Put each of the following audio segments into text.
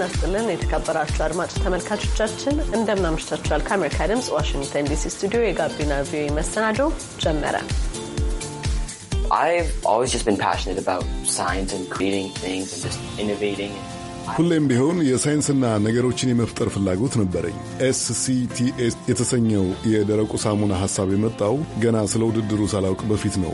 ጤና ስጥልን የተከበራችሁ አድማጭ ተመልካቾቻችን እንደምናምሽታችኋል። ከአሜሪካ ድምፅ ዋሽንግተን ዲሲ ስቱዲዮ የጋቢና ቪኦኤ መሰናዶ ጀመረ። ሁሌም ቢሆን የሳይንስና ነገሮችን የመፍጠር ፍላጎት ነበረኝ። ኤስሲቲኤስ የተሰኘው የደረቁ ሳሙና ሐሳብ የመጣው ገና ስለ ውድድሩ ሳላውቅ በፊት ነው።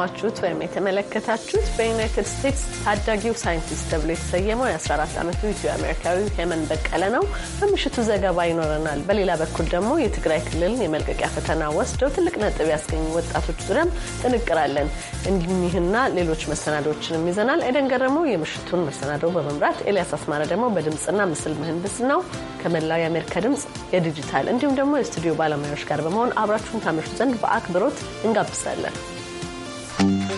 የሰማችሁት ወይም የተመለከታችሁት በዩናይትድ ስቴትስ ታዳጊው ሳይንቲስት ተብሎ የተሰየመው የ14 ዓመቱ ኢትዮ አሜሪካዊ ሄመን በቀለ ነው። በምሽቱ ዘገባ ይኖረናል። በሌላ በኩል ደግሞ የትግራይ ክልል የመልቀቂያ ፈተና ወስደው ትልቅ ነጥብ ያስገኙ ወጣቶች ዙሪያም ጥንቅራለን። እንዲህና ሌሎች መሰናዶዎችንም ይዘናል። ኤደን ገረመው የምሽቱን መሰናዶው በመምራት ኤልያስ አስማረ ደግሞ በድምፅና ምስል ምህንድስ ነው ከመላው የአሜሪካ ድምፅ የዲጂታል እንዲሁም ደግሞ የስቱዲዮ ባለሙያዎች ጋር በመሆን አብራችሁን ታመሹ ዘንድ በአክብሮት እንጋብዛለን።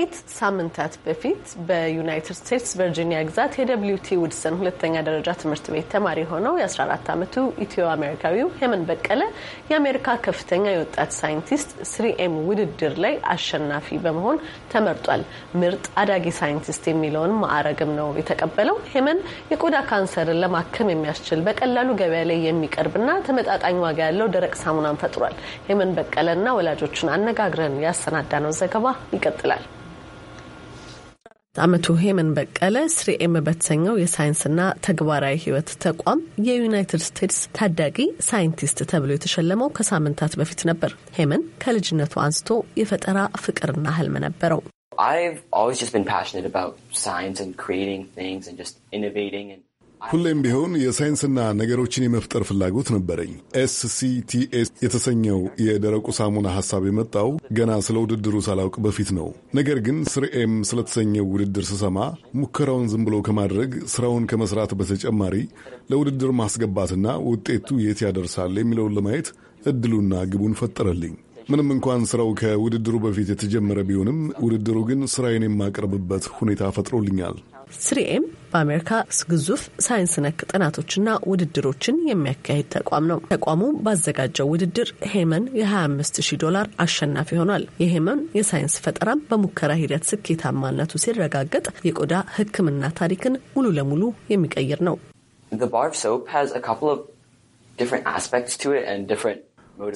ከጥቂት ሳምንታት በፊት በዩናይትድ ስቴትስ ቨርጂኒያ ግዛት ቲ ውድሰን ሁለተኛ ደረጃ ትምህርት ቤት ተማሪ የሆነው የ14 ዓመቱ ኢትዮ አሜሪካዊው ሄመን በቀለ የአሜሪካ ከፍተኛ የወጣት ሳይንቲስት ስሪኤም ውድድር ላይ አሸናፊ በመሆን ተመርጧል። ምርጥ አዳጊ ሳይንቲስት የሚለውን ማዕረግም ነው የተቀበለው። ሄመን የቆዳ ካንሰርን ለማከም የሚያስችል በቀላሉ ገበያ ላይ የሚቀርብና ተመጣጣኝ ዋጋ ያለው ደረቅ ሳሙናን ፈጥሯል። ሄመን በቀለና ወላጆቹን አነጋግረን ያሰናዳ ነው ዘገባ ይቀጥላል። ዓመቱ ሄመን በቀለ ስሪኤም በተሰኘው የሳይንስና ተግባራዊ ሕይወት ተቋም የዩናይትድ ስቴትስ ታዳጊ ሳይንቲስት ተብሎ የተሸለመው ከሳምንታት በፊት ነበር። ሄመን ከልጅነቱ አንስቶ የፈጠራ ፍቅርና ህልም ነበረው። I've always just been passionate about science and creating things and just innovating and ሁሌም ቢሆን የሳይንስና ነገሮችን የመፍጠር ፍላጎት ነበረኝ። ኤስሲቲኤስ የተሰኘው የደረቁ ሳሙና ሐሳብ የመጣው ገና ስለ ውድድሩ ሳላውቅ በፊት ነው። ነገር ግን ስርኤም ስለተሰኘው ውድድር ስሰማ ሙከራውን ዝም ብሎ ከማድረግ ስራውን ከመስራት በተጨማሪ ለውድድር ማስገባትና ውጤቱ የት ያደርሳል የሚለውን ለማየት እድሉና ግቡን ፈጠረልኝ። ምንም እንኳን ስራው ከውድድሩ በፊት የተጀመረ ቢሆንም ውድድሩ ግን ስራዬን የማቀርብበት ሁኔታ ፈጥሮልኛል። ስሪኤም በአሜሪካ ግዙፍ ሳይንስ ነክ ጥናቶችና ውድድሮችን የሚያካሄድ ተቋም ነው። ተቋሙ ባዘጋጀው ውድድር ሄመን የ25000 ዶላር አሸናፊ ሆኗል። የሄመን የሳይንስ ፈጠራም በሙከራ ሂደት ስኬታማነቱ ሲረጋገጥ የቆዳ ሕክምና ታሪክን ሙሉ ለሙሉ የሚቀይር ነው።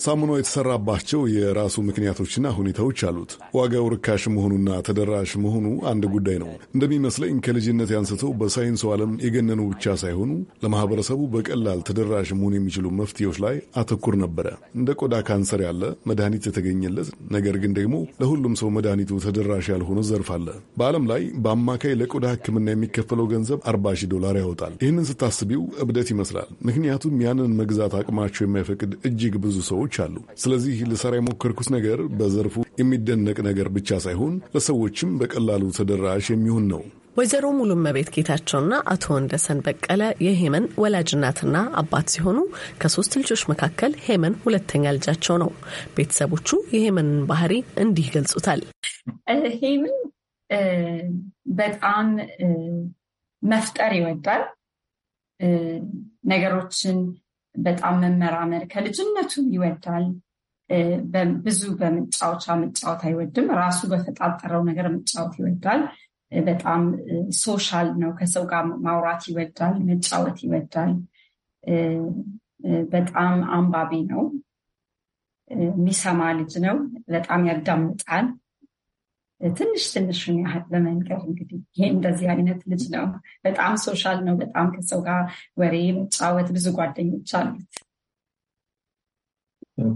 ሳሙናው የተሰራባቸው የራሱ ምክንያቶችና ሁኔታዎች አሉት። ዋጋው ርካሽ መሆኑና ተደራሽ መሆኑ አንድ ጉዳይ ነው። እንደሚመስለኝ ከልጅነት ያንስተው በሳይንሱ ዓለም የገነኑ ብቻ ሳይሆኑ ለማህበረሰቡ በቀላል ተደራሽ መሆኑ የሚችሉ መፍትሄዎች ላይ አተኩር ነበረ። እንደ ቆዳ ካንሰር ያለ መድኃኒት የተገኘለት ነገር ግን ደግሞ ለሁሉም ሰው መድኃኒቱ ተደራሽ ያልሆነ ዘርፍ አለ። በዓለም ላይ በአማካይ ለቆዳ ሕክምና የሚከፈለው ገንዘብ 40 ሺህ ዶላር ያወጣል። ይህንን ስታስቢው እብደት ይመስላል። ምክንያቱም ያንን መግዛት አቅማቸው የማይፈቅድ እጅግ ብዙ ሰዎች አሉ። ስለዚህ ልሰራ የሞከርኩት ነገር በዘርፉ የሚደነቅ ነገር ብቻ ሳይሆን ለሰዎችም በቀላሉ ተደራሽ የሚሆን ነው። ወይዘሮ ሙሉ መቤት ጌታቸውና አቶ ወንደሰን በቀለ የሄመን ወላጅናትና አባት ሲሆኑ ከሶስት ልጆች መካከል ሄመን ሁለተኛ ልጃቸው ነው። ቤተሰቦቹ የሄመንን ባህሪ እንዲህ ይገልጹታል። ሄመን በጣም መፍጠር ይወዳል። ነገሮችን በጣም መመራመር ከልጅነቱ ይወዳል። ብዙ በመጫወቻ መጫወት አይወድም። ራሱ በፈጣጠረው ነገር መጫወት ይወዳል። በጣም ሶሻል ነው። ከሰው ጋር ማውራት ይወዳል፣ መጫወት ይወዳል። በጣም አንባቢ ነው። የሚሰማ ልጅ ነው። በጣም ያዳምጣል። ትንሽ ትንሹን ያህል በመንገር እንግዲህ ይሄ እንደዚህ አይነት ልጅ ነው፣ በጣም ሶሻል ነው፣ በጣም ከሰው ጋር ወሬ መጫወት፣ ብዙ ጓደኞች አሉት።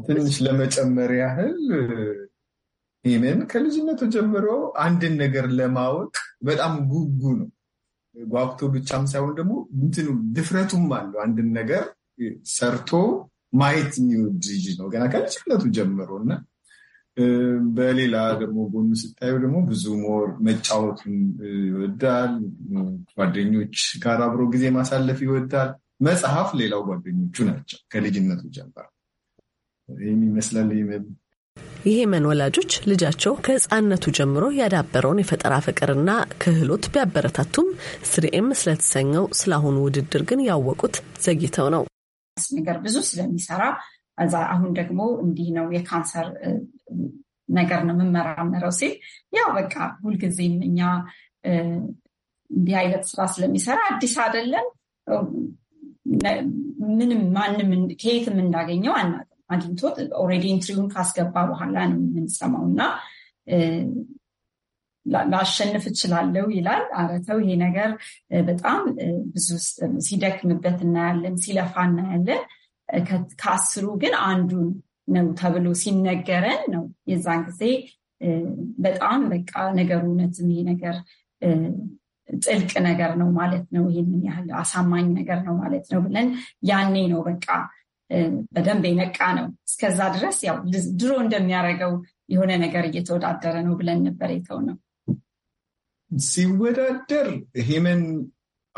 ትንሽ ለመጨመር ያህል ይህንን ከልጅነቱ ጀምሮ አንድን ነገር ለማወቅ በጣም ጉጉ ነው። ጓጉቶ ብቻም ሳይሆን ደግሞ እንትኑ ድፍረቱም አለው። አንድን ነገር ሰርቶ ማየት የሚወድ ልጅ ነው ገና ከልጅነቱ ጀምሮ እና በሌላ ደግሞ ጎኑ ስታዩ ደግሞ ብዙ ሞር መጫወቱን ይወዳል። ጓደኞች ጋር አብሮ ጊዜ ማሳለፍ ይወዳል። መጽሐፍ ሌላው ጓደኞቹ ናቸው ከልጅነቱ ጀምሮ። ይህም ይመስላል የየመን ወላጆች ልጃቸው ከህፃንነቱ ጀምሮ ያዳበረውን የፈጠራ ፍቅርና ክህሎት ቢያበረታቱም ስሪኤም ስለተሰኘው ስለአሁኑ ውድድር ግን ያወቁት ዘግይተው ነው። ነገር ብዙ ስለሚሰራ አሁን ደግሞ እንዲህ ነው የካንሰር ነገር ነው የምመራመረው ሲል ያው በቃ ሁልጊዜም እኛ እንዲህ አይነት ስራ ስለሚሰራ አዲስ አይደለም። ምንም ማንም ከየትም እንዳገኘው አናውቅም። አግኝቶት ኦልሬዲ ኢንትሪውን ካስገባ በኋላ ነው የምንሰማው እና ላሸንፍ እችላለሁ ይላል። አረተው ይሄ ነገር በጣም ብዙ ሲደክምበት እናያለን፣ ሲለፋ እናያለን። ከአስሩ ግን አንዱን ነው ተብሎ ሲነገረን ነው የዛን ጊዜ በጣም በቃ ነገሩ እውነትም ይሄ ነገር ጥልቅ ነገር ነው ማለት ነው፣ ይህንን ያህል አሳማኝ ነገር ነው ማለት ነው ብለን ያኔ ነው በቃ በደንብ የነቃ ነው። እስከዛ ድረስ ያው ድሮ እንደሚያደርገው የሆነ ነገር እየተወዳደረ ነው ብለን ነበር የተው ነው። ሲወዳደር ሄመን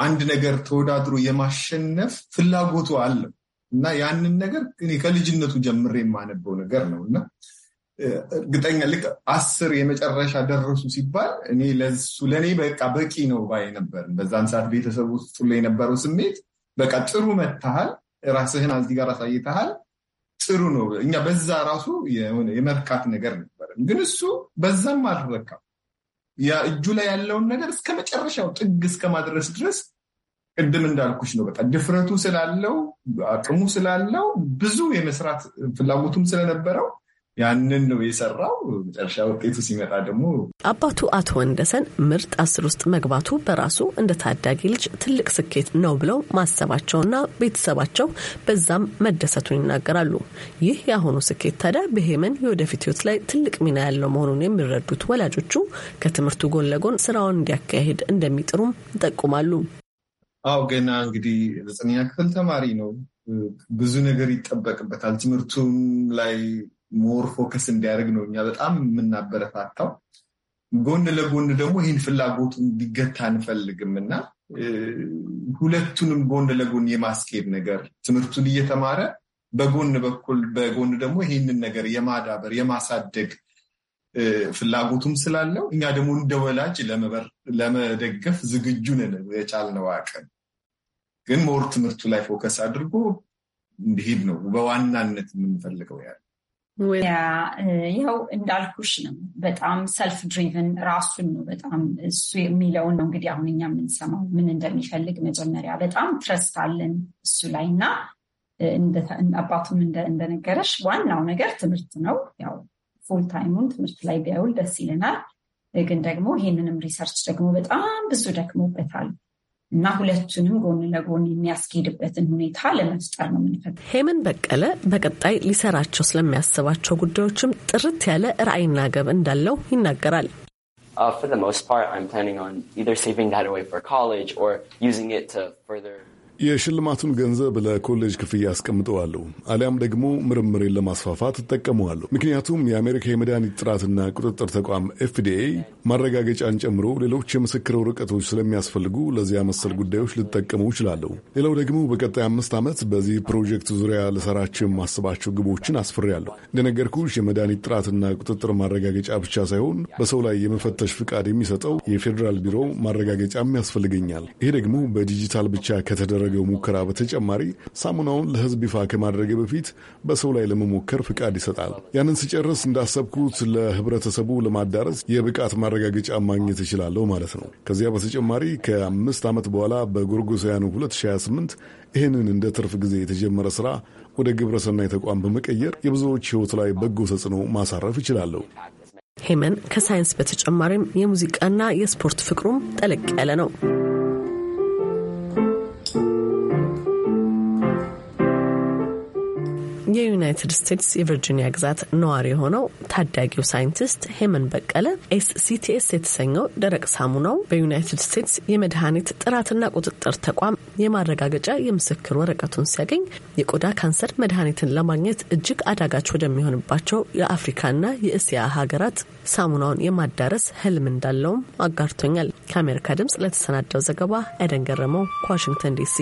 አንድ ነገር ተወዳድሮ የማሸነፍ ፍላጎቱ አለው እና ያንን ነገር እኔ ከልጅነቱ ጀምሬ የማነበው ነገር ነው እና እርግጠኛ ልክ አስር የመጨረሻ ደረሱ ሲባል እኔ ለሱ ለእኔ በቃ በቂ ነው ባይ ነበር። በዛን ሰዓት ቤተሰብ ውስጥ ላይ የነበረው ስሜት በቃ ጥሩ መታሃል፣ ራስህን አዚ ጋር አሳይተሃል፣ ጥሩ ነው። እኛ በዛ ራሱ የሆነ የመርካት ነገር ነበር፣ ግን እሱ በዛም አልረካም። ያ እጁ ላይ ያለውን ነገር እስከ መጨረሻው ጥግ እስከ ማድረስ ድረስ ቅድም እንዳልኩሽ ነው። በቃ ድፍረቱ ስላለው አቅሙ ስላለው ብዙ የመስራት ፍላጎቱም ስለነበረው ያንን ነው የሰራው። መጨረሻ ውጤቱ ሲመጣ ደግሞ አባቱ አቶ ወንደሰን ምርጥ አስር ውስጥ መግባቱ በራሱ እንደ ታዳጊ ልጅ ትልቅ ስኬት ነው ብለው ማሰባቸውና ቤተሰባቸው በዛም መደሰቱን ይናገራሉ። ይህ የአሁኑ ስኬት ታዲያ በሄመን የወደፊት ህይወት ላይ ትልቅ ሚና ያለው መሆኑን የሚረዱት ወላጆቹ ከትምህርቱ ጎን ለጎን ስራውን እንዲያካሄድ እንደሚጥሩም ይጠቁማሉ። አው ገና እንግዲህ ዘጠነኛ ክፍል ተማሪ ነው። ብዙ ነገር ይጠበቅበታል። ትምህርቱም ላይ ሞር ፎከስ እንዲያደርግ ነው እኛ በጣም የምናበረታታው። ጎን ለጎን ደግሞ ይህን ፍላጎቱ እንዲገታ አንፈልግም እና ሁለቱንም ጎን ለጎን የማስኬድ ነገር ትምህርቱን እየተማረ በጎን በኩል በጎን ደግሞ ይህንን ነገር የማዳበር የማሳደግ ፍላጎቱም ስላለው እኛ ደግሞ እንደ ወላጅ ለመደገፍ ዝግጁ ነን። የቻልነው አቅም ግን ሞር ትምህርቱ ላይ ፎከስ አድርጎ እንዲሄድ ነው በዋናነት የምንፈልገው ያለ ያው እንዳልኩሽ ነው። በጣም ሰልፍ ድሪቨን ራሱን ነው በጣም እሱ የሚለውን ነው እንግዲህ አሁን እኛ የምንሰማው ምን እንደሚፈልግ መጀመሪያ በጣም ትረስት አለን እሱ ላይ እና አባቱም እንደነገረሽ ዋናው ነገር ትምህርት ነው። ያው ፉል ታይሙን ትምህርት ላይ ቢያውል ደስ ይለናል። ግን ደግሞ ይህንንም ሪሰርች ደግሞ በጣም ብዙ ደክሞበታል እና ሁለቱንም ጎን ለጎን የሚያስኬድበትን ሁኔታ ለመፍጠር ነው የምንፈልገው። ሄመን በቀለ በቀጣይ ሊሰራቸው ስለሚያስባቸው ጉዳዮችም ጥርት ያለ ራዕይና ገብ እንዳለው ይናገራል። uh, for the most part, I'm planning on either saving that away for college or using it to further የሽልማቱን ገንዘብ ለኮሌጅ ክፍያ አስቀምጠዋለሁ አሊያም ደግሞ ምርምሬን ለማስፋፋት እጠቀመዋለሁ። ምክንያቱም የአሜሪካ የመድኃኒት ጥራትና ቁጥጥር ተቋም ኤፍዲኤ ማረጋገጫን ጨምሮ ሌሎች የምስክር ወረቀቶች ስለሚያስፈልጉ ለዚያ መሰል ጉዳዮች ልጠቀሙ እችላለሁ። ሌላው ደግሞ በቀጣይ አምስት ዓመት በዚህ ፕሮጀክት ዙሪያ ልሰራቸው የማስባቸው ግቦችን አስፍሬያለሁ። እንደነገርኩሽ የመድኃኒት ጥራትና ቁጥጥር ማረጋገጫ ብቻ ሳይሆን በሰው ላይ የመፈተሽ ፍቃድ የሚሰጠው የፌዴራል ቢሮ ማረጋገጫም ያስፈልገኛል። ይሄ ደግሞ በዲጂታል ብቻ ከተደረገ ከተደረገው ሙከራ በተጨማሪ ሳሙናውን ለህዝብ ይፋ ከማድረግ በፊት በሰው ላይ ለመሞከር ፍቃድ ይሰጣል። ያንን ስጨርስ እንዳሰብኩት ለህብረተሰቡ ለማዳረስ የብቃት ማረጋገጫ ማግኘት እችላለሁ ማለት ነው። ከዚያ በተጨማሪ ከአምስት ዓመት በኋላ በጎርጎሳውያኑ 2028 ይህንን እንደ ትርፍ ጊዜ የተጀመረ ስራ ወደ ግብረሰናይ ተቋም በመቀየር የብዙዎች ህይወት ላይ በጎ ተጽዕኖ ማሳረፍ እችላለሁ። ሄመን ከሳይንስ በተጨማሪም የሙዚቃና የስፖርት ፍቅሩም ጠለቅ ያለ ነው። የዩናይትድ ስቴትስ የቨርጂኒያ ግዛት ነዋሪ የሆነው ታዳጊው ሳይንቲስት ሄመን በቀለ ኤስሲቲኤስ የተሰኘው ደረቅ ሳሙናው በዩናይትድ ስቴትስ የመድኃኒት ጥራትና ቁጥጥር ተቋም የማረጋገጫ የምስክር ወረቀቱን ሲያገኝ የቆዳ ካንሰር መድኃኒትን ለማግኘት እጅግ አዳጋች ወደሚሆንባቸው የአፍሪካና የእስያ ሀገራት ሳሙናውን የማዳረስ ህልም እንዳለውም አጋርቶኛል። ከአሜሪካ ድምጽ ለተሰናደው ዘገባ አይደን ገረመው ከዋሽንግተን ዲሲ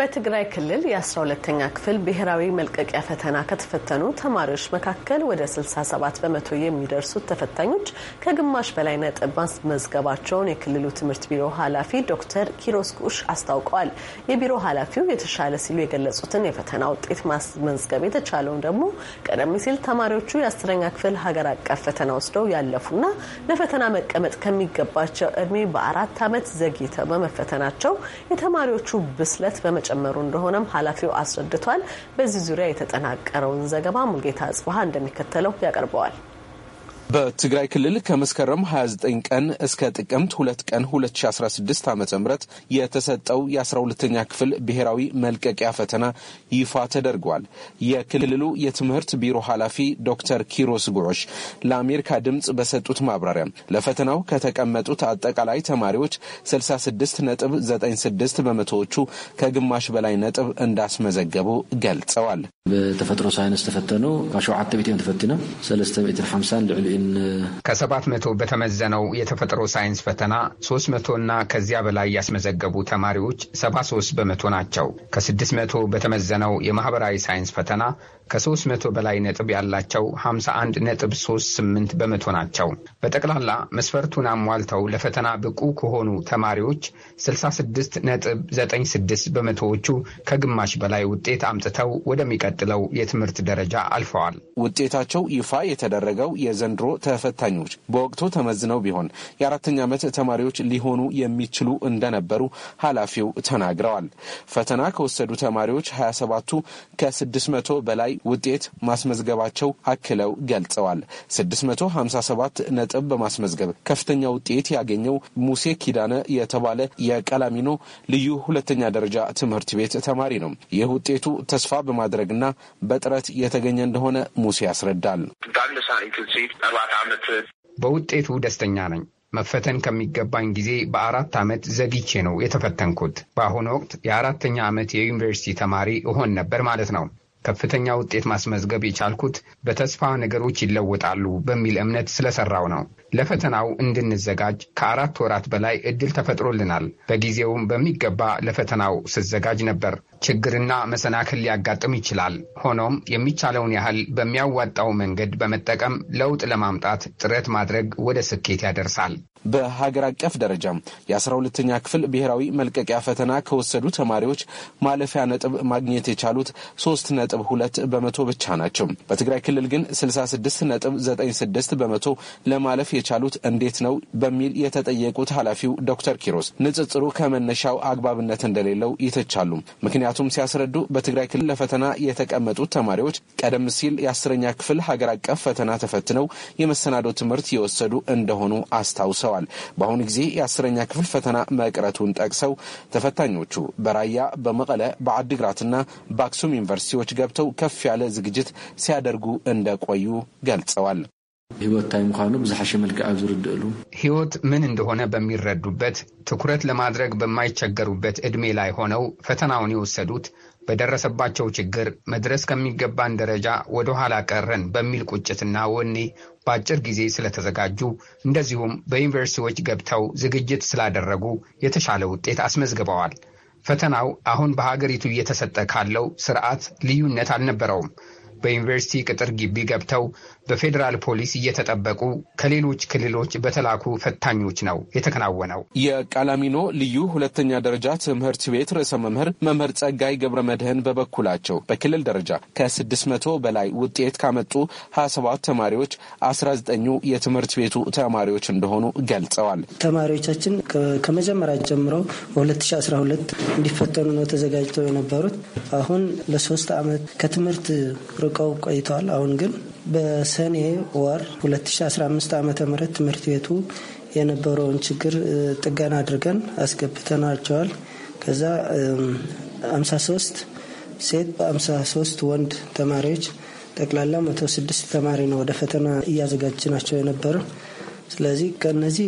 በትግራይ ክልል የ12ተኛ ክፍል ብሔራዊ መልቀቂያ ፈተና ከተፈተኑ ተማሪዎች መካከል ወደ 67 በመቶ የሚደርሱት ተፈታኞች ከግማሽ በላይ ነጥብ ማስመዝገባቸውን የክልሉ ትምህርት ቢሮ ኃላፊ ዶክተር ኪሮስ ጉሽ አስታውቀዋል። የቢሮ ኃላፊው የተሻለ ሲሉ የገለጹትን የፈተና ውጤት ማስመዝገብ የተቻለውን ደግሞ ቀደም ሲል ተማሪዎቹ የአስረኛ ክፍል ሀገር አቀፍ ፈተና ወስደው ያለፉና ለፈተና መቀመጥ ከሚገባቸው እድሜ በአራት ዓመት ዘግይተው በመፈተናቸው የተማሪዎቹ ብስለት በመ መጨመሩ እንደሆነም ኃላፊው አስረድቷል። በዚህ ዙሪያ የተጠናቀረውን ዘገባ ሙልጌታ ጽብሃ እንደሚከተለው ያቀርበዋል። በትግራይ ክልል ከመስከረም 29 ቀን እስከ ጥቅምት 2 ቀን 2016 ዓ ም የተሰጠው የ12ተኛ ክፍል ብሔራዊ መልቀቂያ ፈተና ይፋ ተደርጓል። የክልሉ የትምህርት ቢሮ ኃላፊ ዶክተር ኪሮስ ጉዖሽ ለአሜሪካ ድምፅ በሰጡት ማብራሪያ ለፈተናው ከተቀመጡት አጠቃላይ ተማሪዎች 66.96 በመቶዎቹ ከግማሽ በላይ ነጥብ እንዳስመዘገቡ ገልጸዋል። ብተፈጥሮ ሳይንስ ተፈተኑ ካብ 7 ተፈቲኖም 350 ልዕሊ ግን ከሰባት መቶ በተመዘነው የተፈጥሮ ሳይንስ ፈተና ሶስት መቶ እና ከዚያ በላይ ያስመዘገቡ ተማሪዎች ሰባ ሶስት በመቶ ናቸው። ከስድስት መቶ በተመዘነው የማህበራዊ ሳይንስ ፈተና ከ300 በላይ ነጥብ ያላቸው 51 ነጥብ 38 በመቶ ናቸው። በጠቅላላ መስፈርቱን አሟልተው ለፈተና ብቁ ከሆኑ ተማሪዎች 66 ነጥብ 96 በመቶዎቹ ከግማሽ በላይ ውጤት አምጥተው ወደሚቀጥለው የትምህርት ደረጃ አልፈዋል። ውጤታቸው ይፋ የተደረገው የዘንድሮ ተፈታኞች በወቅቱ ተመዝነው ቢሆን የአራተኛ ዓመት ተማሪዎች ሊሆኑ የሚችሉ እንደነበሩ ኃላፊው ተናግረዋል። ፈተና ከወሰዱ ተማሪዎች 27ቱ ከ600 በላይ ውጤት ማስመዝገባቸው አክለው ገልጸዋል። 657 ነጥብ በማስመዝገብ ከፍተኛ ውጤት ያገኘው ሙሴ ኪዳነ የተባለ የቀላሚኖ ልዩ ሁለተኛ ደረጃ ትምህርት ቤት ተማሪ ነው። ይህ ውጤቱ ተስፋ በማድረግና በጥረት የተገኘ እንደሆነ ሙሴ ያስረዳል። በውጤቱ ደስተኛ ነኝ። መፈተን ከሚገባኝ ጊዜ በአራት ዓመት ዘግቼ ነው የተፈተንኩት። በአሁኑ ወቅት የአራተኛ ዓመት የዩኒቨርሲቲ ተማሪ እሆን ነበር ማለት ነው። ከፍተኛ ውጤት ማስመዝገብ የቻልኩት በተስፋ ነገሮች ይለወጣሉ በሚል እምነት ስለሰራው ነው። ለፈተናው እንድንዘጋጅ ከአራት ወራት በላይ እድል ተፈጥሮልናል። በጊዜውም በሚገባ ለፈተናው ስዘጋጅ ነበር። ችግርና መሰናክል ሊያጋጥም ይችላል። ሆኖም የሚቻለውን ያህል በሚያዋጣው መንገድ በመጠቀም ለውጥ ለማምጣት ጥረት ማድረግ ወደ ስኬት ያደርሳል። በሀገር አቀፍ ደረጃ የአስራ ሁለተኛ ክፍል ብሔራዊ መልቀቂያ ፈተና ከወሰዱ ተማሪዎች ማለፊያ ነጥብ ማግኘት የቻሉት ሶስት ነጥብ ሁለት በመቶ ብቻ ናቸው። በትግራይ ክልል ግን ስልሳ ስድስት ነጥብ ዘጠኝ ስድስት በመቶ ለማለፍ የቻሉት እንዴት ነው በሚል የተጠየቁት ኃላፊው ዶክተር ኪሮስ ንጽጽሩ ከመነሻው አግባብነት እንደሌለው ይተቻሉ። ምክንያቱም ሲያስረዱ በትግራይ ክልል ለፈተና የተቀመጡት ተማሪዎች ቀደም ሲል የአስረኛ ክፍል ሀገር አቀፍ ፈተና ተፈትነው የመሰናዶ ትምህርት የወሰዱ እንደሆኑ አስታውሰዋል። ገልጸዋል። በአሁኑ ጊዜ የአስረኛ ክፍል ፈተና መቅረቱን ጠቅሰው ተፈታኞቹ በራያ በመቀለ በአድግራትና በአክሱም ዩኒቨርሲቲዎች ገብተው ከፍ ያለ ዝግጅት ሲያደርጉ እንደቆዩ ገልጸዋል። ህይወት ታይ ምኳኑ ብዝሓሸ መልክዕ ኣብ ዝርድእሉ ህይወት ምን እንደሆነ በሚረዱበት ትኩረት ለማድረግ በማይቸገሩበት ዕድሜ ላይ ሆነው ፈተናውን የወሰዱት በደረሰባቸው ችግር መድረስ ከሚገባን ደረጃ ወደ ኋላ ቀረን በሚል ቁጭትና ወኔ በአጭር ጊዜ ስለተዘጋጁ እንደዚሁም በዩኒቨርሲቲዎች ገብተው ዝግጅት ስላደረጉ የተሻለ ውጤት አስመዝግበዋል። ፈተናው አሁን በሀገሪቱ እየተሰጠ ካለው ስርዓት ልዩነት አልነበረውም። በዩኒቨርሲቲ ቅጥር ግቢ ገብተው በፌዴራል ፖሊስ እየተጠበቁ ከሌሎች ክልሎች በተላኩ ፈታኞች ነው የተከናወነው። የቃላሚኖ ልዩ ሁለተኛ ደረጃ ትምህርት ቤት ርዕሰ መምህር መምህር ጸጋይ ገብረ መድህን በበኩላቸው በክልል ደረጃ ከ600 በላይ ውጤት ካመጡ 27 ተማሪዎች 19ኙ የትምህርት ቤቱ ተማሪዎች እንደሆኑ ገልጸዋል። ተማሪዎቻችን ከመጀመሪያ ጀምሮ በ2012 እንዲፈተኑ ነው ተዘጋጅተው የነበሩት። አሁን ለሶስት ዓመት ከትምህርት ርቀው ቆይተዋል። አሁን ግን በሰኔ ወር 2015 ም ትምህርት ቤቱ የነበረውን ችግር ጥገና አድርገን አስገብተናቸዋል። ከዛ 53 ሴት 53 ወንድ ተማሪዎች ጠቅላላ 106 ተማሪ ነው ወደ ፈተና እያዘጋጅናቸው የነበረ። ስለዚህ ከነዚህ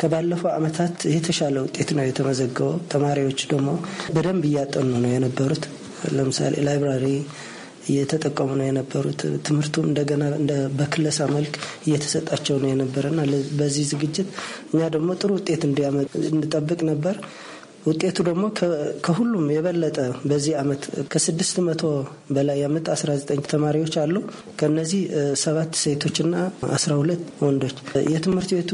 ከባለፈው ዓመታት የተሻለ ውጤት ነው የተመዘገበው። ተማሪዎች ደግሞ በደንብ እያጠኑ ነው የነበሩት። ለምሳሌ ላይብራሪ እየተጠቀሙ ነው የነበሩት። ትምህርቱ እንደገና በክለሳ መልክ እየተሰጣቸው ነው የነበረ የነበረና በዚህ ዝግጅት እኛ ደግሞ ጥሩ ውጤት እንጠብቅ ነበር። ውጤቱ ደግሞ ከሁሉም የበለጠ በዚህ ዓመት ከስድስት መቶ በላይ ያመጣ 19 ተማሪዎች አሉ። ከነዚህ ሰባት ሴቶችና 12 ወንዶች። የትምህርት ቤቱ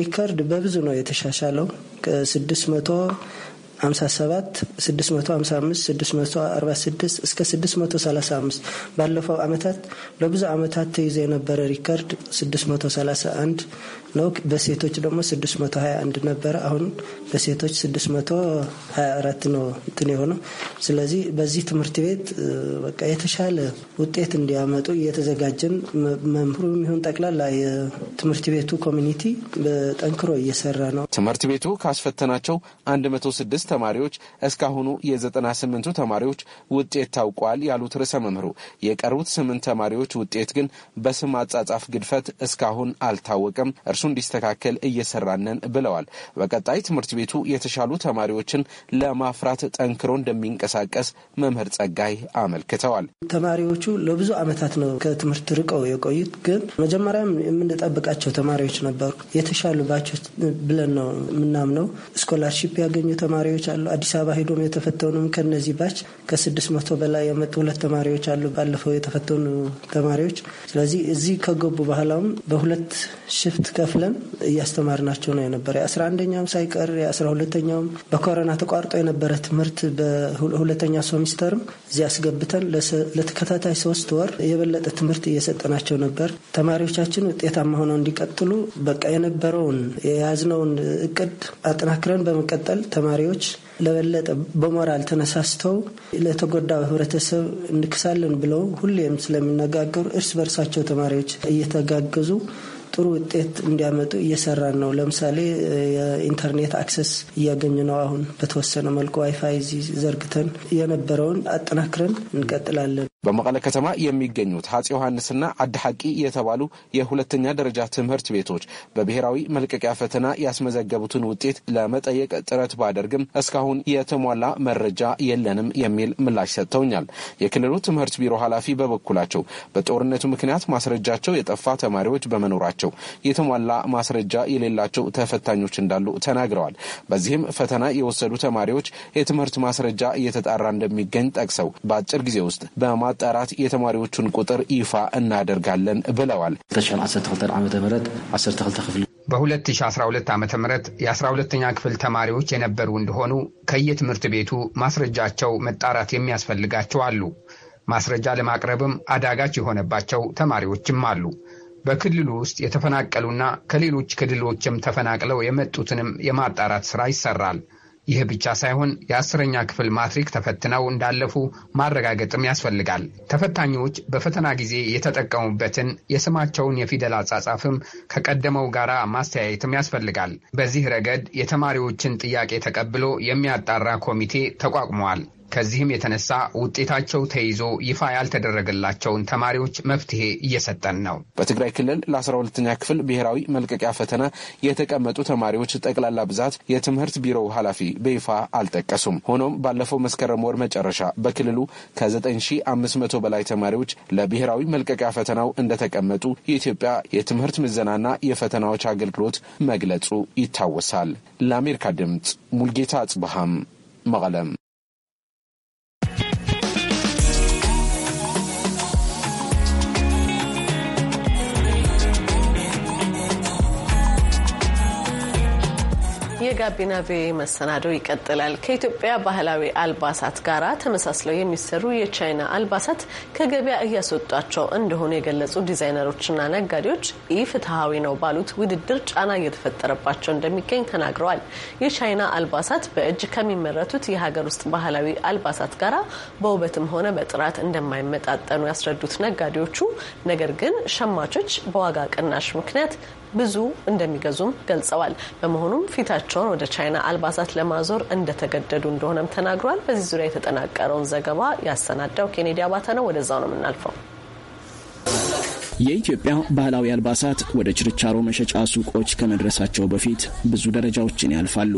ሪከርድ በብዙ ነው የተሻሻለው ከስድስት መቶ 57 655 646 እስከ 635 ባለፈው ዓመታት ለብዙ አመታት ተይዞ የነበረ ሪከርድ 631 ነው። በሴቶች ደግሞ 621 ነበረ። አሁን በሴቶች 624 ነው እንትን የሆነው። ስለዚህ በዚህ ትምህርት ቤት በቃ የተሻለ ውጤት እንዲያመጡ እየተዘጋጀን መምህሩ የሚሆን ጠቅላላ የትምህርት ቤቱ ኮሚኒቲ በጠንክሮ እየሰራ ነው። ትምህርት ቤቱ ካስፈተናቸው 106 ተማሪዎች እስካሁኑ የዘጠና ስምንቱ ተማሪዎች ውጤት ታውቋል ያሉት ርዕሰ መምህሩ የቀሩት ስምንት ተማሪዎች ውጤት ግን በስም አጻጻፍ ግድፈት እስካሁን አልታወቀም፣ እርሱ እንዲስተካከል እየሰራነን ብለዋል። በቀጣይ ትምህርት ቤቱ የተሻሉ ተማሪዎችን ለማፍራት ጠንክሮ እንደሚንቀሳቀስ መምህር ጸጋይ አመልክተዋል። ተማሪዎቹ ለብዙ ዓመታት ነው ከትምህርት ርቀው የቆዩት። ግን መጀመሪያም የምንጠብቃቸው ተማሪዎች ነበሩ። የተሻሉባቸው ብለን ነው የምናምነው። ስኮላርሺፕ ያገኙ ተማሪዎች ተማሪዎች አሉ። አዲስ አበባ ሄዶም የተፈተኑም ከነዚህ ባች ከስድስት መቶ በላይ የመጡ ሁለት ተማሪዎች አሉ፣ ባለፈው የተፈተኑ ተማሪዎች። ስለዚህ እዚህ ከገቡ በኋላውም በሁለት ሽፍት ከፍለን እያስተማርናቸው ነው የነበረ የአስራ አንደኛውም ሳይቀር የአስራ ሁለተኛውም በኮሮና ተቋርጦ የነበረ ትምህርት በሁለተኛ ሶሚስተርም እዚህ አስገብተን ለተከታታይ ሶስት ወር የበለጠ ትምህርት እየሰጠናቸው ነበር። ተማሪዎቻችን ውጤታማ ሆነው እንዲቀጥሉ በቃ የነበረውን የያዝነውን እቅድ አጠናክረን በመቀጠል ተማሪዎች ለበለጠ በሞራል ተነሳስተው ለተጎዳው ህብረተሰብ እንክሳለን ብለው ሁሌም ስለሚነጋገሩ እርስ በርሳቸው ተማሪዎች እየተጋገዙ ጥሩ ውጤት እንዲያመጡ እየሰራን ነው። ለምሳሌ የኢንተርኔት አክሰስ እያገኙ ነው። አሁን በተወሰነ መልኩ ዋይፋይ እዚህ ዘርግተን የነበረውን አጠናክረን እንቀጥላለን። በመቀለ ከተማ የሚገኙት አፄ ዮሐንስና አድሐቂ የተባሉ የሁለተኛ ደረጃ ትምህርት ቤቶች በብሔራዊ መልቀቂያ ፈተና ያስመዘገቡትን ውጤት ለመጠየቅ ጥረት ባደርግም እስካሁን የተሟላ መረጃ የለንም የሚል ምላሽ ሰጥተውኛል። የክልሉ ትምህርት ቢሮ ኃላፊ በበኩላቸው በጦርነቱ ምክንያት ማስረጃቸው የጠፋ ተማሪዎች በመኖራቸው ናቸው። የተሟላ ማስረጃ የሌላቸው ተፈታኞች እንዳሉ ተናግረዋል። በዚህም ፈተና የወሰዱ ተማሪዎች የትምህርት ማስረጃ እየተጣራ እንደሚገኝ ጠቅሰው በአጭር ጊዜ ውስጥ በማጣራት የተማሪዎቹን ቁጥር ይፋ እናደርጋለን ብለዋል። በ2012 ዓ ም የ12ኛ ክፍል ተማሪዎች የነበሩ እንደሆኑ ከየትምህርት ቤቱ ማስረጃቸው መጣራት የሚያስፈልጋቸው አሉ። ማስረጃ ለማቅረብም አዳጋች የሆነባቸው ተማሪዎችም አሉ። በክልሉ ውስጥ የተፈናቀሉና ከሌሎች ክልሎችም ተፈናቅለው የመጡትንም የማጣራት ስራ ይሰራል። ይህ ብቻ ሳይሆን የአስረኛ ክፍል ማትሪክ ተፈትነው እንዳለፉ ማረጋገጥም ያስፈልጋል። ተፈታኞች በፈተና ጊዜ የተጠቀሙበትን የስማቸውን የፊደል አጻጻፍም ከቀደመው ጋር ማስተያየትም ያስፈልጋል። በዚህ ረገድ የተማሪዎችን ጥያቄ ተቀብሎ የሚያጣራ ኮሚቴ ተቋቁመዋል። ከዚህም የተነሳ ውጤታቸው ተይዞ ይፋ ያልተደረገላቸውን ተማሪዎች መፍትሄ እየሰጠን ነው። በትግራይ ክልል ለ12ኛ ክፍል ብሔራዊ መልቀቂያ ፈተና የተቀመጡ ተማሪዎች ጠቅላላ ብዛት የትምህርት ቢሮው ኃላፊ በይፋ አልጠቀሱም። ሆኖም ባለፈው መስከረም ወር መጨረሻ በክልሉ ከ9500 በላይ ተማሪዎች ለብሔራዊ መልቀቂያ ፈተናው እንደተቀመጡ የኢትዮጵያ የትምህርት ምዘናና የፈተናዎች አገልግሎት መግለጹ ይታወሳል። ለአሜሪካ ድምፅ ሙልጌታ አጽብሃም መቀለም የጋቢና ቪኦኤ መሰናዶ ይቀጥላል። ከኢትዮጵያ ባህላዊ አልባሳት ጋራ ተመሳስለው የሚሰሩ የቻይና አልባሳት ከገበያ እያስወጧቸው እንደሆኑ የገለጹ ዲዛይነሮችና ነጋዴዎች ኢፍትሐዊ ነው ባሉት ውድድር ጫና እየተፈጠረባቸው እንደሚገኝ ተናግረዋል። የቻይና አልባሳት በእጅ ከሚመረቱት የሀገር ውስጥ ባህላዊ አልባሳት ጋራ በውበትም ሆነ በጥራት እንደማይመጣጠኑ ያስረዱት ነጋዴዎቹ ነገር ግን ሸማቾች በዋጋ ቅናሽ ምክንያት ብዙ እንደሚገዙም ገልጸዋል። በመሆኑም ፊታቸው ምርታቸውን ወደ ቻይና አልባሳት ለማዞር እንደተገደዱ እንደሆነም ተናግሯል። በዚህ ዙሪያ የተጠናቀረውን ዘገባ ያሰናዳው ኬኔዲ አባተ ነው። ወደዛው ነው የምናልፈው። የኢትዮጵያ ባህላዊ አልባሳት ወደ ችርቻሮ መሸጫ ሱቆች ከመድረሳቸው በፊት ብዙ ደረጃዎችን ያልፋሉ።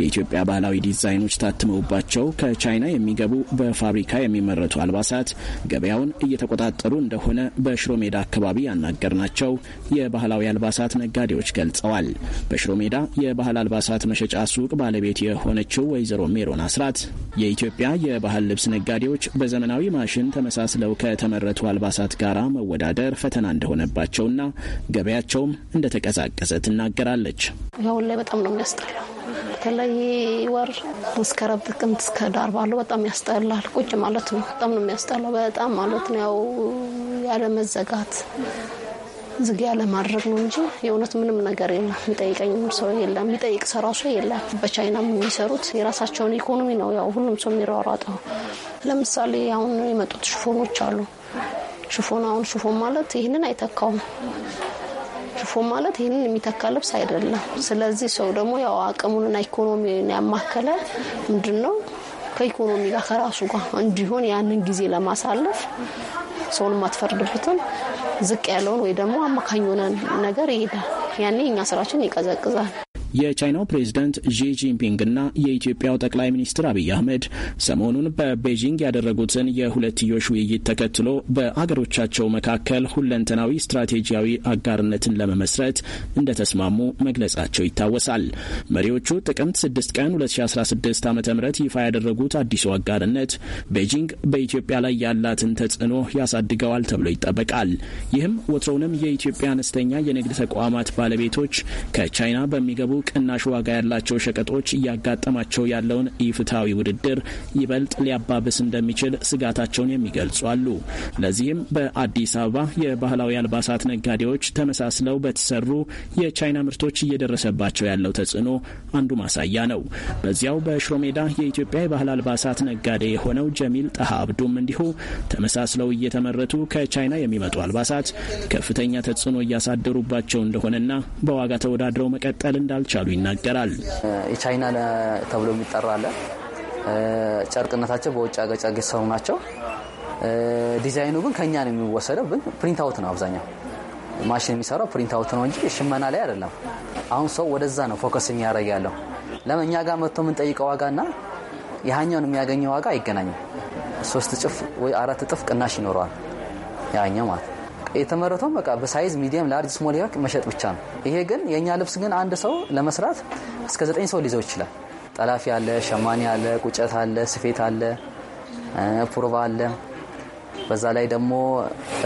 የኢትዮጵያ ባህላዊ ዲዛይኖች ታትመውባቸው ከቻይና የሚገቡ በፋብሪካ የሚመረቱ አልባሳት ገበያውን እየተቆጣጠሩ እንደሆነ በሽሮ ሜዳ አካባቢ ያናገርናቸው የባህላዊ አልባሳት ነጋዴዎች ገልጸዋል። በሽሮ ሜዳ የባህል አልባሳት መሸጫ ሱቅ ባለቤት የሆነችው ወይዘሮ ሜሮን አስራት የኢትዮጵያ የባህል ልብስ ነጋዴዎች በዘመናዊ ማሽን ተመሳስለው ከተመረቱ አልባሳት ጋራ መወዳደር ፈተና እንደሆነባቸውና ገበያቸውም እንደተቀዛቀዘ ትናገራለች። አሁን ላይ በጣም ነው የሚያስጠላው። በተለይ ወር መስከረም፣ ጥቅምት እስከ ዳር ባለው በጣም ያስጠላል። ቁጭ ማለት ነው። በጣም ነው የሚያስጠላው። በጣም ማለት ነው ያው ያለ መዘጋት ዝግ ያለ ማድረግ ነው እንጂ የእውነት ምንም ነገር የለም። የሚጠይቀኝም ሰው የለም። የሚጠይቅ ሰው ራሱ የለም። በቻይናም የሚሰሩት የራሳቸውን ኢኮኖሚ ነው ያው ሁሉም ሰው የሚሯሯጠው። ለምሳሌ አሁን የመጡት ሽፎኖች አሉ ሽፎን አሁን ሽፎን ማለት ይህንን አይተካውም። ሽፎን ማለት ይህንን የሚተካ ልብስ አይደለም። ስለዚህ ሰው ደግሞ ያው አቅሙንና ኢኮኖሚን ያማከለ ምንድን ነው ከኢኮኖሚ ጋር ከራሱ ጋር እንዲሆን ያንን ጊዜ ለማሳለፍ ሰውን የማትፈርድበትን ዝቅ ያለውን ወይ ደግሞ አማካኝ የሆነ ነገር ይሄዳል። ያኔ እኛ ስራችን ይቀዘቅዛል። የቻይናው ፕሬዝደንት ዢ ጂንፒንግ እና የኢትዮጵያው ጠቅላይ ሚኒስትር አብይ አህመድ ሰሞኑን በቤጂንግ ያደረጉትን የሁለትዮሽ ውይይት ተከትሎ በአገሮቻቸው መካከል ሁለንተናዊ ስትራቴጂያዊ አጋርነትን ለመመስረት እንደተስማሙ መግለጻቸው ይታወሳል። መሪዎቹ ጥቅምት 6 ቀን 2016 ዓ ም ይፋ ያደረጉት አዲሱ አጋርነት ቤጂንግ በኢትዮጵያ ላይ ያላትን ተጽዕኖ ያሳድገዋል ተብሎ ይጠበቃል። ይህም ወትሮውንም የኢትዮጵያ አነስተኛ የንግድ ተቋማት ባለቤቶች ከቻይና በሚገቡ ቅናሽ ዋጋ ያላቸው ሸቀጦች እያጋጠማቸው ያለውን ኢፍትሐዊ ውድድር ይበልጥ ሊያባብስ እንደሚችል ስጋታቸውን የሚገልጹ አሉ። ለዚህም በአዲስ አበባ የባህላዊ አልባሳት ነጋዴዎች ተመሳስለው በተሰሩ የቻይና ምርቶች እየደረሰባቸው ያለው ተጽዕኖ አንዱ ማሳያ ነው። በዚያው በሽሮሜዳ የኢትዮጵያ የባህል አልባሳት ነጋዴ የሆነው ጀሚል ጠሃ አብዱም እንዲሁ ተመሳስለው እየተመረቱ ከቻይና የሚመጡ አልባሳት ከፍተኛ ተጽዕኖ እያሳደሩባቸው እንደሆነና በዋጋ ተወዳድረው መቀጠል እንዳል እንደሚቻሉ ይናገራል። የቻይና ተብሎ የሚጠራለ ጨርቅነታቸው በውጭ ሀገር ጨርቅ የተሰሩ ናቸው። ዲዛይኑ ግን ከኛ ነው የሚወሰደው። ግን ፕሪንት አውት ነው አብዛኛው ማሽን የሚሰራው ፕሪንት አውት ነው እንጂ ሽመና ላይ አይደለም። አሁን ሰው ወደዛ ነው ፎከስ የሚያደርግ ያለው። ለምን እኛ ጋር መጥቶ የምንጠይቀው ዋጋና ያኛውን የሚያገኘው ዋጋ አይገናኝም። ሶስት እጥፍ ወይ አራት እጥፍ ቅናሽ ይኖረዋል ያኛው ማለት ነው። የተመረተው በቃ በሳይዝ ሚዲየም ላርጅ ስሞል መሸጥ ብቻ ነው። ይሄ ግን የእኛ ልብስ ግን አንድ ሰው ለመስራት እስከ ዘጠኝ ሰው ሊይዘው ይችላል። ጠላፊ አለ፣ ሸማኔ አለ፣ ቁጨት አለ፣ ስፌት አለ፣ ፑርባ አለ። በዛ ላይ ደግሞ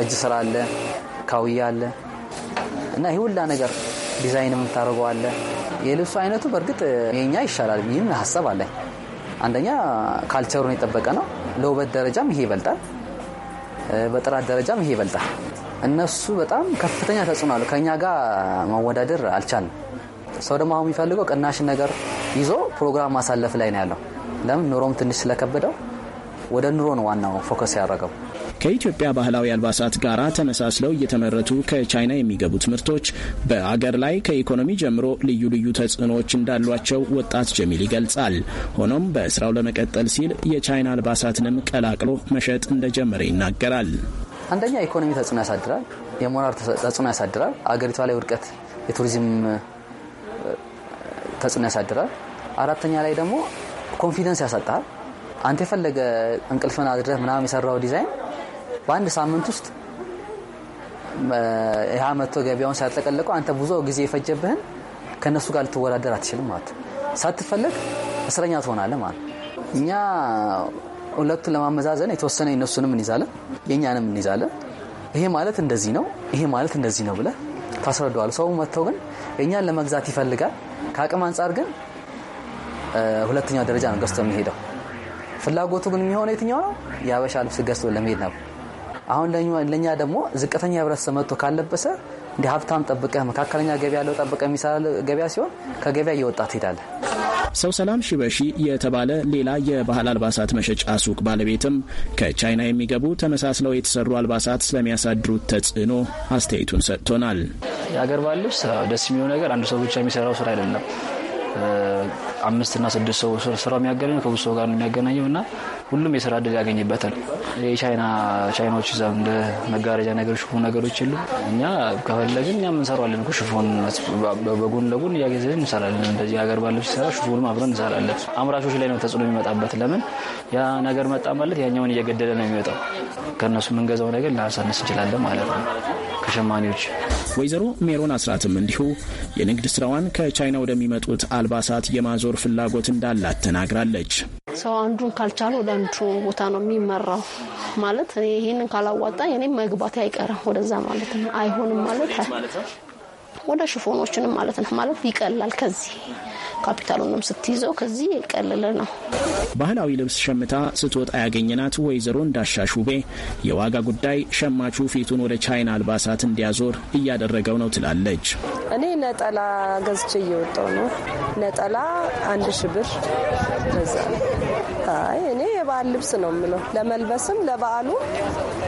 እጅ ስራ አለ፣ ካውያ አለ እና ይህ ሁላ ነገር ዲዛይን የምታደርገው አለ። የልብሱ አይነቱ በእርግጥ የኛ ይሻላል ይህም ሀሳብ አለ። አንደኛ ካልቸሩን የጠበቀ ነው። ለውበት ደረጃም ይሄ ይበልጣል፣ በጥራት ደረጃም ይሄ ይበልጣል። እነሱ በጣም ከፍተኛ ተጽዕኖ አሉ። ከእኛ ጋር መወዳደር አልቻልም። ሰው ደግሞ አሁን የሚፈልገው ቅናሽን ነገር ይዞ ፕሮግራም ማሳለፍ ላይ ነው ያለው። ለምን ኑሮም ትንሽ ስለከበደው ወደ ኑሮ ነው ዋናው ፎከስ ያደረገው። ከኢትዮጵያ ባህላዊ አልባሳት ጋር ተመሳስለው እየተመረቱ ከቻይና የሚገቡት ምርቶች በአገር ላይ ከኢኮኖሚ ጀምሮ ልዩ ልዩ ተጽዕኖዎች እንዳሏቸው ወጣት ጀሚል ይገልጻል። ሆኖም በስራው ለመቀጠል ሲል የቻይና አልባሳትንም ቀላቅሎ መሸጥ እንደጀመረ ይናገራል። አንደኛ ኢኮኖሚ ተጽዕኖ ያሳድራል፣ የሞራል ተጽዕኖ ያሳድራል፣ አገሪቷ ላይ ውድቀት፣ የቱሪዝም ተጽዕኖ ያሳድራል። አራተኛ ላይ ደግሞ ኮንፊደንስ ያሳጣል። አንተ የፈለገ እንቅልፍን አድረህ ምናምን የሰራው ዲዛይን በአንድ ሳምንት ውስጥ ያ መቶ ገበያውን ሲያጥለቀለቀው አንተ ብዙ ጊዜ የፈጀብህን ከእነሱ ጋር ልትወዳደር አትችልም ማለት ሳትፈለግ እስረኛ ትሆናለህ ማለት እኛ ሁለቱን ለማመዛዘን የተወሰነ የነሱንም እንይዛለን የእኛንም እንይዛለን። ይሄ ማለት እንደዚህ ነው፣ ይሄ ማለት እንደዚህ ነው ብለ ታስረዳዋል። ሰው መጥተው ግን የእኛን ለመግዛት ይፈልጋል። ከአቅም አንጻር ግን ሁለተኛው ደረጃ ነው ገዝቶ የሚሄደው። ፍላጎቱ ግን የሚሆነው የትኛው ነው? የአበሻ ልብስ ገዝቶ ለመሄድ ነው። አሁን ለእኛ ደግሞ ዝቅተኛ ህብረተሰብ መጥቶ ካለበሰ እንደ ሀብታም ጠብቀህ መካከለኛ ገበያ ያለው ጠብቀህ የሚሰራ ገበያ ሲሆን ከገበያ እየወጣ ትሄዳለህ። ሰው ሰላም ሺበሺ የተባለ ሌላ የባህል አልባሳት መሸጫ ሱቅ ባለቤትም ከቻይና የሚገቡ ተመሳስለው የተሰሩ አልባሳት ስለሚያሳድሩት ተጽዕኖ አስተያየቱን ሰጥቶናል። የአገር ባህል ልብስ ደስ የሚሆን ነገር አንድ ሰው ብቻ የሚሰራው ስራ አይደለም። አምስት እና ስድስት ሰው ስራው የሚያገናኘው ከብዙ ሰው ጋር ነው የሚያገናኘው እና ሁሉም የስራ እድል ያገኝበታል። የቻይና ቻይናዎች እዛ እንደ መጋረጃ ነገር ሽፉን ነገሮች የሉ። እኛ ከፈለግን እኛም እንሰራዋለን። ሽፉን በጎን ለጎን እያገዘን እንሰራለን። እንደዚህ ሀገር ባለች ሲሰራ ሽፉንም አብረን እንሰራለን። አምራቾች ላይ ነው ተጽዕኖ የሚመጣበት። ለምን ያ ነገር መጣ ማለት ያኛውን እየገደለ ነው የሚወጣው። ከእነሱ የምንገዛው ነገር ላንሳነስ እንችላለን ማለት ነው። ከሸማኔዎች። ወይዘሮ ሜሮን አስራትም እንዲሁ የንግድ ስራዋን ከቻይና ወደሚመጡት አልባሳት የማዞር ፍላጎት እንዳላት ተናግራለች። ሰው አንዱን ካልቻለ ወደ አንዱ ቦታ ነው የሚመራው ማለት ይህንን ካላዋጣ እኔ መግባት አይቀርም ወደዛ ማለት ነው። አይሆንም ማለት ወደ ሽፎኖችንም ማለት ነው ማለት ይቀላል ከዚህ ካፒታሉንም ስትይዘው ከዚህ የቀለለ ነው። ባህላዊ ልብስ ሸምታ ስትወጣ ያገኘናት ወይዘሮ እንዳሻሹቤ የዋጋ ጉዳይ ሸማቹ ፊቱን ወደ ቻይና አልባሳት እንዲያዞር እያደረገው ነው ትላለች። እኔ ነጠላ ገዝቼ እየወጣው ነው። ነጠላ አንድ ሺ ብር ገዛ። አይ እኔ የበዓል ልብስ ነው የምለው ለመልበስም ለበዓሉ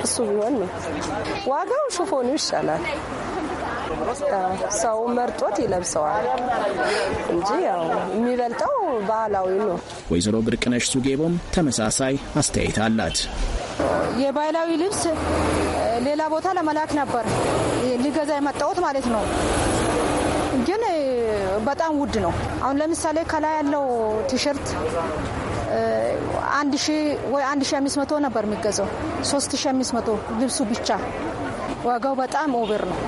እሱ ቢሆን ነው። ዋጋው ሽፎኑ ይሻላል። ሰው መርጦት ይለብሰዋል እንጂ ያው የሚበልጠው ባህላዊ ነው። ወይዘሮ ብርቅነሽ ሱጌቦም ተመሳሳይ አስተያየት አላት። የባህላዊ ልብስ ሌላ ቦታ ለመላክ ነበር ሊገዛ የመጣሁት ማለት ነው። ግን በጣም ውድ ነው። አሁን ለምሳሌ ከላይ ያለው ቲሸርት አንድ ሺ ወይ አንድ ሺ አምስት መቶ ነበር የሚገዛው ሶስት ሺ አምስት መቶ ልብሱ ብቻ ዋጋው በጣም ኦቨር ነው።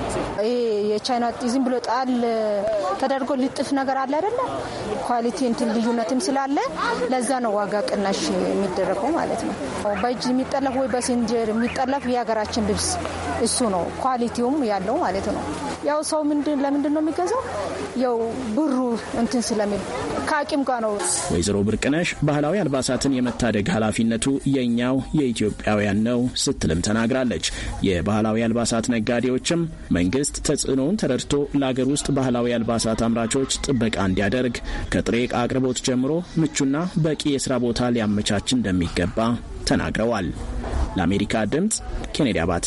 ይሄ የቻይና ዝም ብሎ ጣል ተደርጎ ሊጥፍ ነገር አለ አይደለ? ኳሊቲ እንትን ልዩነትም ስላለ ለዛ ነው ዋጋ ቅናሽ የሚደረገው ማለት ነው። በእጅ የሚጠለፍ ወይ በሴንጀር የሚጠለፍ የሀገራችን ልብስ እሱ ነው ኳሊቲውም ያለው ማለት ነው። ያው ሰው ምንድን ለምንድን ነው የሚገዛው? ያው ብሩ እንትን ስለሚል ከአቂም ጋር ነው። ወይዘሮ ብርቅነሽ ባህላዊ አልባሳትን የመታደግ ኃላፊነቱ የእኛው የኢትዮጵያውያን ነው ስትልም ተናግራለች። የባህላዊ አልባሳት ነጋዴዎችም መንግስት ተጽዕኖውን ተረድቶ ለአገር ውስጥ ባህላዊ አልባሳት አምራቾች ጥበቃ እንዲያደርግ ከጥሬ አቅርቦት ጀምሮ ምቹና በቂ የስራ ቦታ ሊያመቻች እንደሚገባ ተናግረዋል። ለአሜሪካ ድምፅ ኬኔዲ አባተ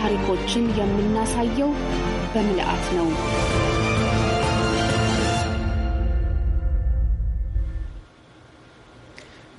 ታሪኮችን የምናሳየው በምልአት ነው።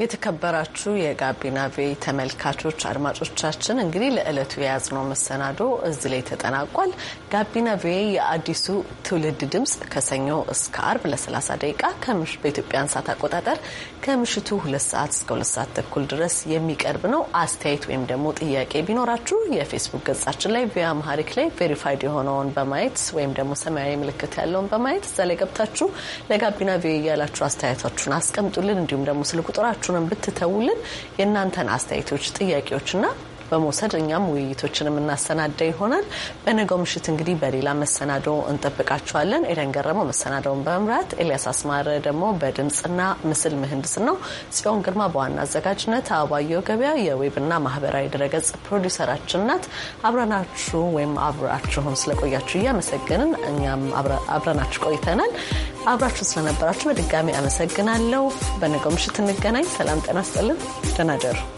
የተከበራችሁ የጋቢና ቤ ተመልካቾች አድማጮቻችን፣ እንግዲህ ለዕለቱ የያዝነው መሰናዶ እዚህ ላይ ተጠናቋል። ጋቢና ቪኦኤ የአዲሱ ትውልድ ድምፅ ከሰኞ እስከ አርብ ለ30 ደቂቃ በኢትዮጵያ ሰዓት አቆጣጠር ከምሽቱ ሁለት ሰዓት እስከ ሁለት ሰዓት ተኩል ድረስ የሚቀርብ ነው። አስተያየት ወይም ደግሞ ጥያቄ ቢኖራችሁ የፌስቡክ ገጻችን ላይ ቪኦኤ አማሪክ ላይ ቬሪፋይድ የሆነውን በማየት ወይም ደግሞ ሰማያዊ ምልክት ያለውን በማየት እዛ ላይ ገብታችሁ ለጋቢና ቪኦኤ ያላችሁ አስተያየታችሁን አስቀምጡልን። እንዲሁም ደግሞ ስልክ ቁጥራችሁንም ብትተውልን የእናንተን አስተያየቶች፣ ጥያቄዎችና በመውሰድ እኛም ውይይቶችን የምናሰናዳ ይሆናል። በነገው ምሽት እንግዲህ በሌላ መሰናዶ እንጠብቃችኋለን። ኤደን ገረመው መሰናዶውን በመምራት ኤልያስ አስማረ ደግሞ በድምፅና ምስል ምህንድስ ነው። ጽዮን ግርማ በዋና አዘጋጅነት፣ አበባየሁ ገበያ የዌብና ማህበራዊ ድረገጽ ፕሮዲሰራችን ናት። አብረናችሁ ወይም አብራችሁም ስለቆያችሁ እያመሰገንን እኛም አብረናችሁ ቆይተናል። አብራችሁ ስለነበራችሁ በድጋሚ አመሰግናለሁ። በነገው ምሽት እንገናኝ። ሰላም ጤና ስጥልን። ደህና ደሩ።